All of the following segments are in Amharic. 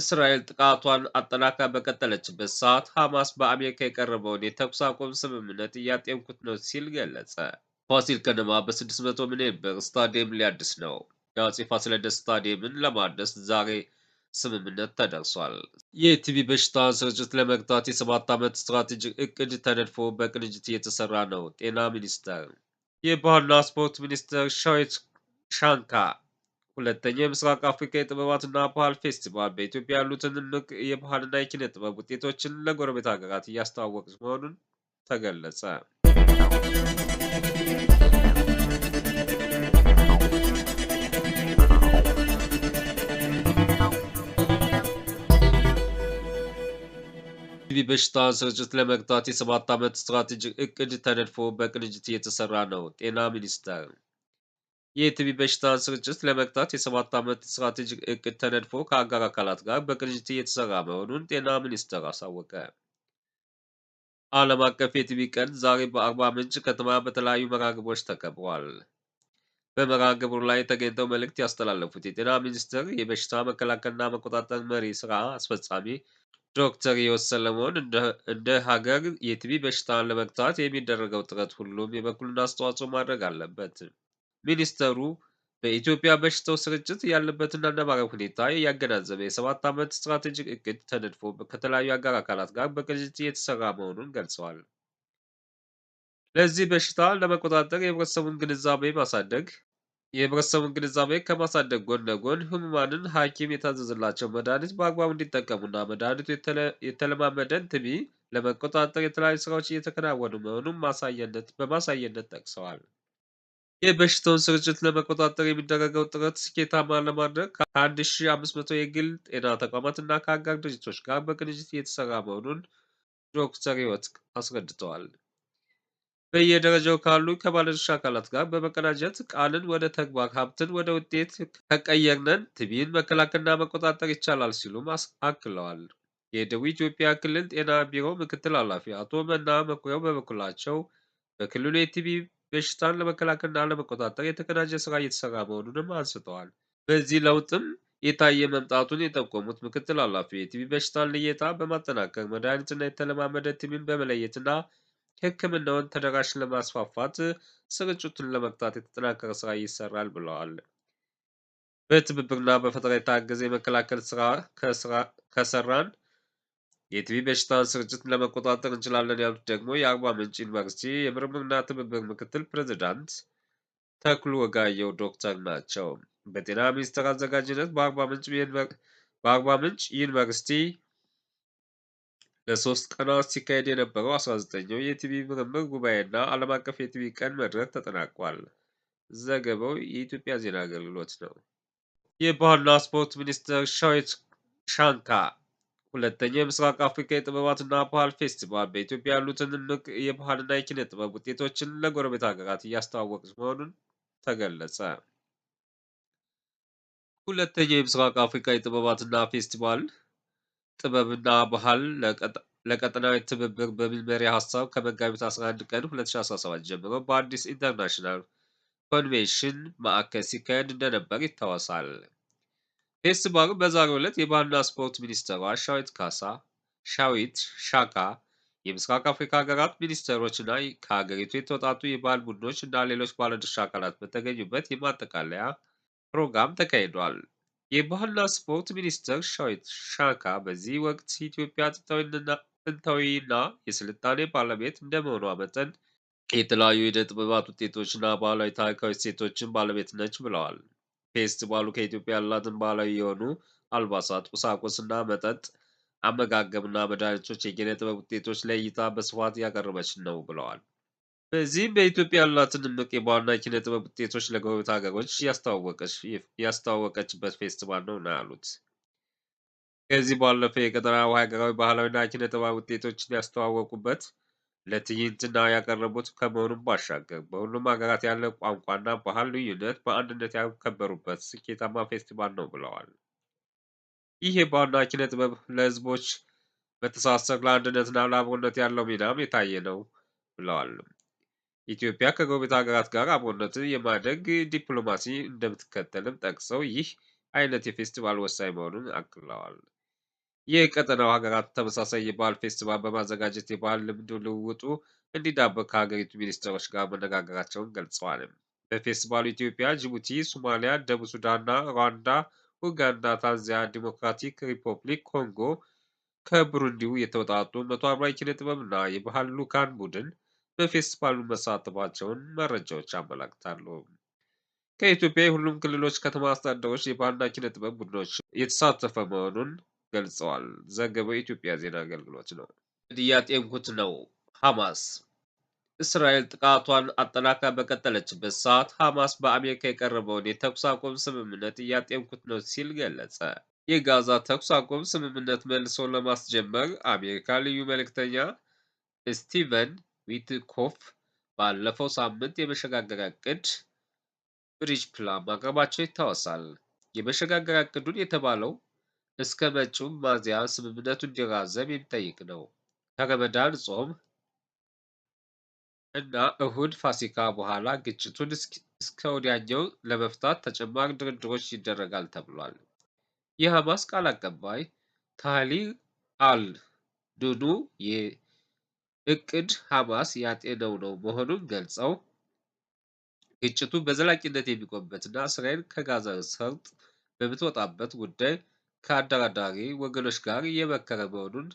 እስራኤል ጥቃቷን አጠናካ በቀጠለችበት ሰዓት ሐማስ በአሜሪካ የቀረበውን የተኩስ አቁም ስምምነት እያጤንኩት ነው ሲል ገለጸ። ፋሲል ከነማ በ600 ሚሊዮን ብር ስታዲየም ሊያድስ ነው። የአፄ ፋሲለደስ ስታዲየምን ለማደስ ዛሬ ስምምነት ተደርሷል። የቲቪ በሽታን ስርጭት ለመግታት የሰባት ዓመት ስትራቴጂክ እቅድ ተነድፎ በቅንጅት እየተሰራ ነው። ጤና ሚኒስቴር የባህልና ስፖርት ሚኒስትር ሻዊት ሻንካ ሁለተኛው የምስራቅ አፍሪካ የጥበባትና ባህል ፌስቲቫል በኢትዮጵያ ያሉትን እምቅ የባህልና የኪነ ጥበብ ውጤቶችን ለጎረቤት ሀገራት እያስተዋወቀች መሆኑን ተገለጸ። ቲቪ በሽታ ስርጭት ለመግታት የሰባት ዓመት ስትራቴጂክ እቅድ ተነድፎ በቅንጅት እየተሰራ ነው። ጤና ሚኒስቴር የቲቢ በሽታን ስርጭት ለመግታት የሰባት ዓመት ስትራቴጂክ እቅድ ተነድፎ ከአጋር አካላት ጋር በቅንጅት እየተሰራ መሆኑን ጤና ሚኒስቴር አሳወቀ። ዓለም አቀፍ የቲቢ ቀን ዛሬ በአርባ ምንጭ ከተማ በተለያዩ መርሃ ግብሮች ተከብሯል። በመርሃ ግብሩ ላይ ተገኝተው መልእክት ያስተላለፉት የጤና ሚኒስትር የበሽታ መከላከልና መቆጣጠር መሪ ስራ አስፈጻሚ ዶክተር ሕይወት ሰለሞን እንደ ሀገር የቲቢ በሽታን ለመግታት የሚደረገው ጥረት ሁሉም የበኩሉን አስተዋጽኦ ማድረግ አለበት። ሚኒስተሩ በኢትዮጵያ በሽታው ስርጭት ያለበትን አነባራዊ ሁኔታ ያገናዘበ የሰባት ዓመት ስትራቴጂክ እቅድ ተነድፎ ከተለያዩ አጋር አካላት ጋር በቅንጅት እየተሰራ መሆኑን ገልጸዋል። ለዚህ በሽታ ለመቆጣጠር የህብረተሰቡን ግንዛቤ ማሳደግ የህብረተሰቡን ግንዛቤ ከማሳደግ ጎን ለጎን ህሙማንን ሐኪም የታዘዘላቸው መድኃኒት በአግባቡ እንዲጠቀሙና መድኃኒቱ የተለማመደን ትቢ ለመቆጣጠር የተለያዩ ስራዎች እየተከናወኑ መሆኑን በማሳየነት ጠቅሰዋል። የበሽታውን ስርጭት ለመቆጣጠር የሚደረገው ጥረት ስኬታማ ለማድረግ ከ1500 የግል ጤና ተቋማት እና ከአጋር ድርጅቶች ጋር በቅንጅት እየተሰራ መሆኑን ዶክተር ሕይወት አስረድተዋል። በየደረጃው ካሉ ከባለድርሻ አካላት ጋር በመቀናጀት ቃልን ወደ ተግባር፣ ሀብትን ወደ ውጤት ከቀየርነን ቲቢን መከላከልና መቆጣጠር ይቻላል ሲሉም አክለዋል። የደቡብ ኢትዮጵያ ክልል ጤና ቢሮ ምክትል ኃላፊ አቶ መና መኩሪያው በበኩላቸው በክልሉ የቲቢ በሽታን ለመከላከልና ለመቆጣጠር የተቀናጀ ስራ እየተሰራ መሆኑንም አንስተዋል። በዚህ ለውጥም የታየ መምጣቱን የጠቆሙት ምክትል ኃላፊ የቲቢ በሽታን ልየታ በማጠናከር መድኃኒትና የተለማመደ ቲቢን በመለየትና ሕክምናውን ተደራሽ ለማስፋፋት ስርጭቱን ለመግታት የተጠናከረ ስራ ይሰራል ብለዋል። በትብብርና በፈጠራ የታገዘ የመከላከል ስራ ከሰራን የቲቪ በሽታን ስርጭት ለመቆጣጠር እንችላለን ያሉት ደግሞ የአርባ ምንጭ ዩኒቨርሲቲ የምርምርና ትብብር ምክትል ፕሬዚዳንት ተክሉ ወጋየው ዶክተር ናቸው። በጤና ሚኒስቴር አዘጋጅነት በአርባ ምንጭ ዩኒቨርሲቲ ለሶስት ቀናት ሲካሄድ የነበረው 19ኛው የቲቪ ምርምር ጉባኤና ዓለም አቀፍ የቲቪ ቀን መድረክ ተጠናቋል። ዘገባው የኢትዮጵያ ዜና አገልግሎት ነው። የባህልና ስፖርት ሚኒስትር ሻዊት ሻንካ ሁለተኛው የምስራቅ አፍሪካ የጥበባትና ባህል ፌስቲቫል በኢትዮጵያ ያሉትን እምቅ የባህልና የኪነ ጥበብ ውጤቶችን ለጎረቤት ሀገራት እያስተዋወቀች መሆኑን ተገለጸ። ሁለተኛው የምስራቅ አፍሪካ የጥበባትና ፌስቲቫል ጥበብና ባህል ለቀጠናዊ ትብብር በሚል መሪ ሀሳብ ከመጋቢት 11 ቀን 2017 ጀምሮ በአዲስ ኢንተርናሽናል ኮንቬንሽን ማዕከል ሲካሄድ እንደነበር ይታወሳል። ኤስባሩ በዛሬው ዕለት የባህልና ስፖርት ሚኒስትሯ ሻዊት ካሳ ሻዊት ሻካ የምስራቅ አፍሪካ ሀገራት ሚኒስትሮችና ከሀገሪቱ የተውጣጡ የባህል ቡድኖች እና ሌሎች ባለድርሻ አካላት በተገኙበት የማጠቃለያ ፕሮግራም ተካሂዷል። የባህልና ስፖርት ሚኒስትር ሻዊት ሻካ በዚህ ወቅት ኢትዮጵያ ጥንታዊና የስልጣኔ ባለቤት እንደመሆኗ መጠን የተለያዩ የዕደ ጥበባት ውጤቶችና ባህላዊ ታሪካዊ እሴቶችን ባለቤት ነች ብለዋል። ፌስቲቫሉ ከኢትዮጵያ ያላትን ባህላዊ የሆኑ አልባሳት፣ ቁሳቁስና መጠጥ፣ አመጋገብና መድኃኒቶች፣ የኪነ ጥበብ ውጤቶች ለእይታ በስፋት ያቀረበች ነው ብለዋል። በዚህም በኢትዮጵያ ያላትን እምቅ የባህልና የኪነ ጥበብ ውጤቶች ለጎረቤት ሀገሮች ያስተዋወቀችበት ፌስቲቫል ነው ነው ያሉት። ከዚህ ባለፈ የቀጠናው ሀገራዊ ባህላዊና ኪነ ጥበብ ውጤቶችን ያስተዋወቁበት ለትዕይንትና ያቀረቡት ከመሆኑም ባሻገር በሁሉም ሀገራት ያለ ቋንቋና ባህል ልዩነት በአንድነት ያከበሩበት ስኬታማ ፌስቲቫል ነው ብለዋል። ይህ የባህልና ኪነ ጥበብ ለህዝቦች መተሳሰር፣ ለአንድነትና ለአብሮነት ያለው ሚናም የታየ ነው ብለዋል። ኢትዮጵያ ከጎረቤት ሀገራት ጋር አብሮነትን የማደግ ዲፕሎማሲ እንደምትከተልም ጠቅሰው ይህ አይነት የፌስቲቫል ወሳኝ መሆኑን አክለዋል። የቀጠናው ሀገራት ተመሳሳይ የባህል ፌስቲቫል በማዘጋጀት የባህል ልምዱ ልውውጡ እንዲዳብር ከሀገሪቱ ሚኒስትሮች ጋር መነጋገራቸውን ገልጸዋል። በፌስቲቫሉ ኢትዮጵያ፣ ጅቡቲ፣ ሶማሊያ፣ ደቡብ ሱዳንና ሩዋንዳ፣ ኡጋንዳ፣ ታንዛኒያ፣ ዲሞክራቲክ ሪፐብሊክ ኮንጎ ከብሩንዲው የተውጣጡ መቶ አምራ ኪነ ጥበብና የባህል ልዑካን ቡድን በፌስቲቫሉ መሳተፋቸውን መረጃዎች አመላክታሉ። ከኢትዮጵያ የሁሉም ክልሎች ከተማ አስተዳደሮች የባህልና ኪነ ጥበብ ቡድኖች የተሳተፈ መሆኑን ገልጸዋል። ዘገበው የኢትዮጵያ ዜና አገልግሎት ነው። እያጤንኩት ነው። ሐማስ እስራኤል ጥቃቷን አጠናካ በቀጠለችበት ሰዓት ሐማስ በአሜሪካ የቀረበውን የተኩስ አቁም ስምምነት እያጤንኩት ነው ሲል ገለጸ። የጋዛ ተኩስ አቁም ስምምነት መልሶ ለማስጀመር አሜሪካ ልዩ መልእክተኛ ስቲቨን ዊትኮፍ ባለፈው ሳምንት የመሸጋገሪያ እቅድ ብሪጅ ፕላን ማቅረባቸው ይታወሳል። የመሸጋገሪያ እቅዱን የተባለው እስከ መጪው ሚያዝያ ስምምነቱ እንዲራዘም የሚጠይቅ ነው። ከረመዳን ጾም እና እሁድ ፋሲካ በኋላ ግጭቱን እስከ ወዲያኛው ለመፍታት ተጨማሪ ድርድሮች ይደረጋል ተብሏል። የሐማስ ቃል አቀባይ ታሊ አል ዱኑ የእቅድ ሐማስ ያጤነው ነው መሆኑን ገልጸው ግጭቱ በዘላቂነት የሚቆምበትና እስራኤል ከጋዛ ሰርጥ በምትወጣበት ጉዳይ ከአደራዳሪ ወገኖች ጋር እየመከረ መሆኑን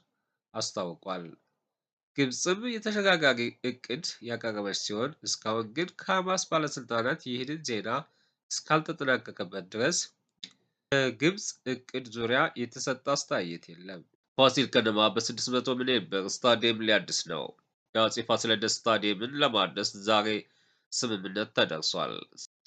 አስታውቋል። ግብፅም የተሸጋጋሪ እቅድ ያቀረበች ሲሆን እስካሁን ግን ከሐማስ ባለስልጣናት ይህንን ዜና እስካልተጠናቀቀበት ድረስ በግብፅ እቅድ ዙሪያ የተሰጠ አስተያየት የለም። ፋሲል ከነማ በ600 ሚሊዮን ብር ስታዲየም ሊያድስ ነው። የአፄ ፋሲለደስ ስታዲየምን ለማደስ ዛሬ ስምምነት ተደርሷል።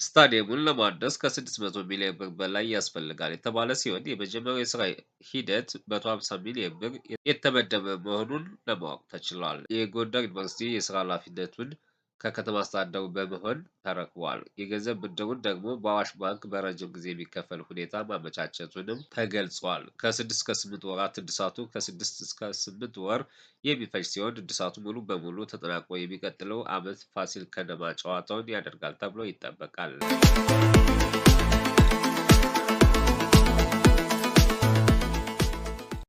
ስታዲየሙን ለማደስ ከ600 ሚሊዮን ብር በላይ ያስፈልጋል የተባለ ሲሆን የመጀመሪያው የስራ ሂደት 150 ሚሊዮን ብር የተመደበ መሆኑን ለማወቅ ተችሏል። የጎንደር ዩኒቨርሲቲ የስራ ኃላፊነቱን ከከተማ አስተዳደሩ በመሆን ተረክቧል። የገንዘብ ብድሩን ደግሞ በአዋሽ ባንክ በረጅም ጊዜ የሚከፈል ሁኔታ ማመቻቸቱንም ተገልጿል። ከስድስት እስከ ስምንት ወራት እድሳቱ ከስድስት እስከ ስምንት ወር የሚፈጅ ሲሆን እድሳቱ ሙሉ በሙሉ ተጠናቆ የሚቀጥለው ዓመት ፋሲል ከነማ ጨዋታውን ያደርጋል ተብሎ ይጠበቃል።